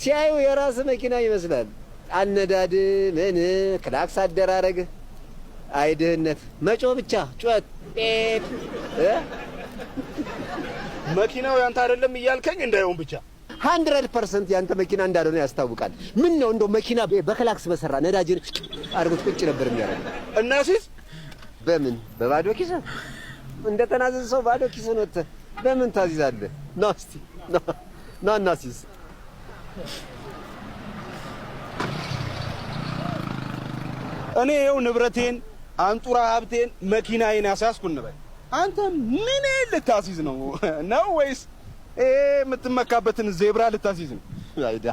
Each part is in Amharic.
ሲያዩ የራስ መኪና ይመስላል። አነዳድ ምን ክላክስ አደራረግ አይድህነት መጮ ብቻ ጩኸት መኪናው ያንተ አይደለም እያልከኝ እንዳይሆን ብቻ ሀንድረድ ፐርሰንት ያንተ መኪና እንዳልሆነ ያስታውቃል። ምን ነው እንደው መኪና በክላክስ በሰራ ነዳጅን አድርጎት ቁጭ ነበር የሚያደርግ እናሲስ በምን በባዶ ኪስ እንደ ሰው ባዶ ኪስን በምን ታዚዛለህ? ና እስቲ ና እኔ ይኸው ንብረቴን፣ አንጡራ ሀብቴን፣ መኪናዬን ያሳያስኩ እንበል። አንተ ምን ልታስይዝ ነው ነው ወይስ የምትመካበትን ዜብራ ልታስይዝ ነው? አይዳ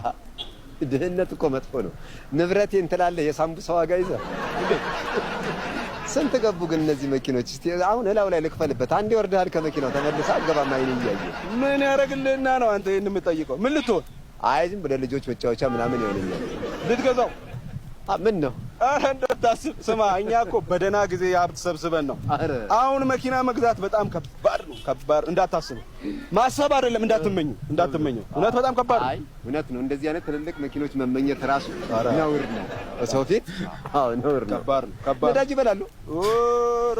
ድህነት እኮ መጥፎ ነው። ንብረቴን ትላለህ፣ የሳምቡሳ ዋጋ ይዘህ ስንት ገቡ ግን እነዚህ መኪኖች? እስቲ አሁን እላው ላይ ልክፈልበት። አንዴ ወርደሃል ከመኪናው ተመልሰህ አገባም አይን እያየ ምን ያደርግልህና ነው አንተ ይህን የምጠይቀው? ምን ልትሆን አይ ዝም ብለህ ልጆች መጫወቻ ምናምን ይሆንኛል። ልትገዛው ምን ነው? አረ እንደታስብ ስማ፣ እኛ እኮ በደህና ጊዜ የሀብት ሰብስበን ነው። አሁን መኪና መግዛት በጣም ከባድ ነው። ከባድ እንዳታስብ፣ ማሰብ አይደለም እንዳትመኙ፣ እንዳትመኙ። እውነት በጣም ከባድ ነው። እውነት ነው። እንደዚህ አይነት ትልልቅ መኪኖች መመኘት ራሱ ነውር ነው። ሰው ፊት አዎ፣ ነውር ነው። ከባድ ነው። ከባድ ነዳጅ ይበላሉ። ኦሮ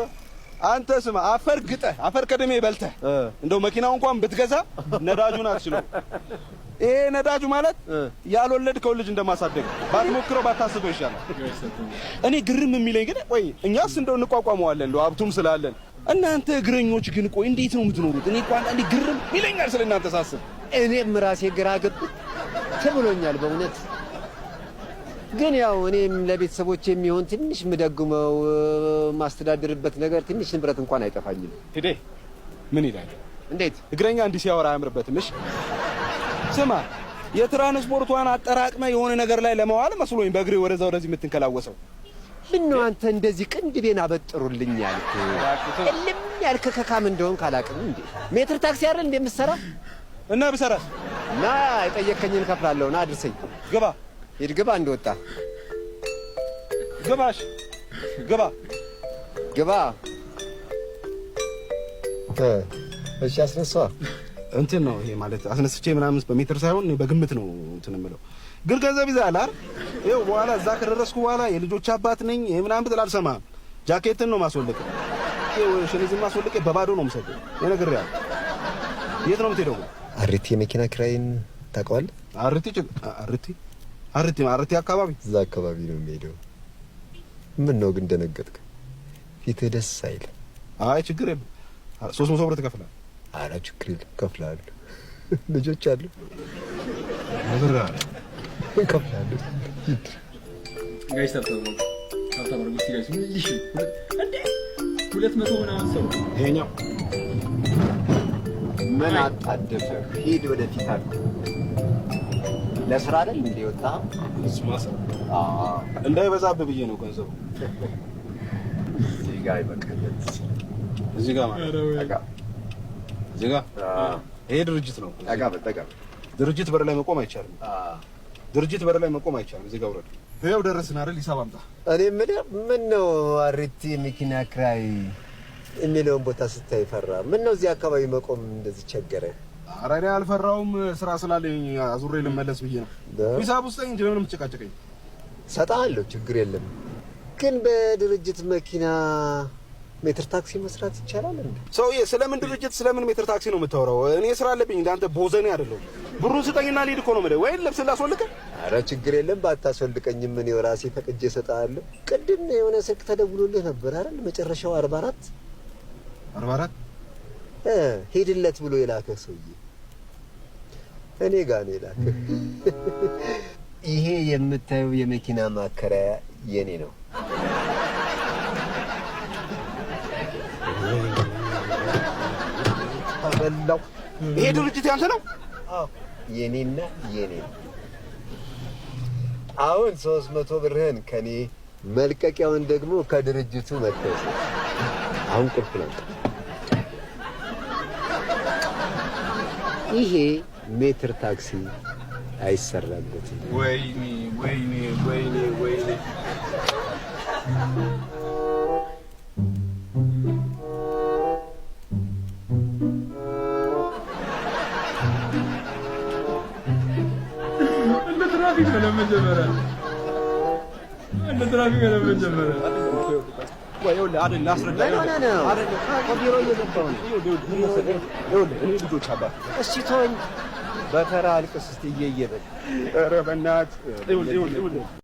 አንተ ስማ፣ አፈር ግጠህ አፈር ከደሜ በልተህ እንደው መኪናው እንኳን ብትገዛ ነዳጁን አትችለው ይሄ ነዳጁ ማለት ያልወለድከው ልጅ እንደማሳደግ ባትሞክረው ባታስበው ይሻላል። እኔ ግርም የሚለኝ ግን ቆይ እኛስ እንደው እንቋቋመዋለን እንደው ሀብቱም ስላለን እናንተ እግረኞች ግን ቆይ እንዴት ነው የምትኖሩት? እኔ እኮ አንዳንዴ ግርም ይለኛል ስለ እናንተ ሳስብ። እኔም ራሴ ግራ ገብት ትብሎኛል በእውነት ግን ያው እኔም ለቤተሰቦች የሚሆን ትንሽ የምደጉመው ማስተዳድርበት ነገር ትንሽ ንብረት እንኳን አይጠፋኝም። ሂዴ ምን ይላል? እንዴት እግረኛ እንዲህ ሲያወራ አያምርበትም። እሺ ስማ የትራንስፖርቷን አጠራቅመ የሆነ ነገር ላይ ለማዋል መስሎኝ በእግሬ ወደዛ ወደዚህ የምትንከላወሰው ምን ነው አንተ እንደዚህ ቅንድቤን አበጥሩልኝ ያልክ እልም ያልክ ከካም እንደሆን ካላቅም እንዴ ሜትር ታክሲ አይደል እንዴ የምትሰራ እና ብሰራስ እና የጠየከኝን ከፍላለሁ ና አድርሰኝ ግባ ሂድ ግባ እንደወጣ ግባሽ ግባ ግባ እሺ አስነሳ እንትን ነው ይሄ ማለት አስነስቼ ምናምን በሜትር ሳይሆን በግምት ነው እንትን የምለው። ግን ገንዘብ ይዛል አይደል? ይኸው በኋላ እዛ ከደረስኩ በኋላ የልጆች አባት ነኝ ይሄ ምናምን ብትል አልሰማህም። ጃኬትን ነው ማስወልቀ ሸሚዝን ማስወልቀ በባዶ ነው የምሰደው። የነገር ያለ የት ነው ምትሄደው አርቲ የመኪና ኪራይን ታውቀዋለህ? አርቲ አርቲ አርቲ አርቲ አካባቢ እዛ አካባቢ ነው የሚሄደው። ምን ነው ግን ደነገጥክ? ፊትህ ደስ አይል። አይ ችግር የለም። ሶስት መቶ ብር ትከፍላለህ አረ ችግር የለም እከፍልሃለሁ። ልጆች አሉ እከፍልሃለሁ። ሁለት ምናምን ሰው ምን አጣደፈ? ሂድ ወደፊት አለ። ለስራ አይደል እንደ ወጣ እንዳይበዛብህ ብዬ ነው ገንዘቡ እዚህ ጋር ይበቃል። እዚህ ጋር ማለት ይሄ ድርጅት ነው። ድርጅት በር ላይ መቆም አይቻልም። ድርጅት በር ላይ መቆም አይቻልም። እዚህ ውረድ። ይኸው ደረስን አይደል? ሂሳብ አምጣ። እኔ የምልህ ምን ነው አሪቲ መኪና ክራይ የሚለውን ቦታ ስታይ ፈራ? ምን ነው እዚህ አካባቢ መቆም እንደዚህ ቸገረ? ኧረ እኔ አልፈራውም። ስራ ስላለኝ አዙሬ ልመለስ ብዬ ነው። ሂሳብ ውስጠኝ እንጂ ችግር የለም። ግን በድርጅት መኪና ሜትር ታክሲ መስራት ይቻላል እንዴ? ሰውዬ ስለምን ድርጅት ስለምን ሜትር ታክሲ ነው የምታወራው? እኔ ስራ አለብኝ እንዳንተ ቦዘኔ አይደለሁ። ብሩን ስጠኝና ልሂድ እኮ ነው የምልህ። ወይ ልብስ ላስወልቀ። አረ ችግር የለም ባታስወልቀኝም እኔ ራሴ ፈቅጄ እሰጥሃለሁ። ቅድም የሆነ ስልክ ተደውሎልህ ነበር አይደል? መጨረሻው 44 44 እ ሄድለት ብሎ የላከህ ሰውዬ እኔ ጋር ነው የላከህ። ይሄ የምታየው የመኪና ማከራያ የኔ ነው። ተበላው። ይሄ ድርጅት ያንተ ነው? የኔና የኔ አሁን ሶስት መቶ ብርህን ከኔ መልቀቂያውን ደግሞ ከድርጅቱ መጥተህ አሁን ቁልፍ ነው። ይሄ ሜትር ታክሲ አይሰራበትም። ወይኔ ወይኔ ወይኔ ወይኔ ትራፊክ መለመን ጀመረ። እንደ ትራፊክ መለመን ጀመረ። በተራ አልቅስ እስቲ እየየበል ኧረ በእናትህ